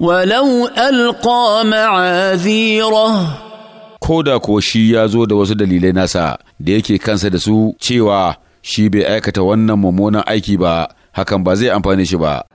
ولو ألقى معاذيره ko da kuwa shi ya zo da wasu dalilai nasa da yake kansa da su cewa shi bai aikata wannan mummunan aiki ba hakan ba zai amfane shi ba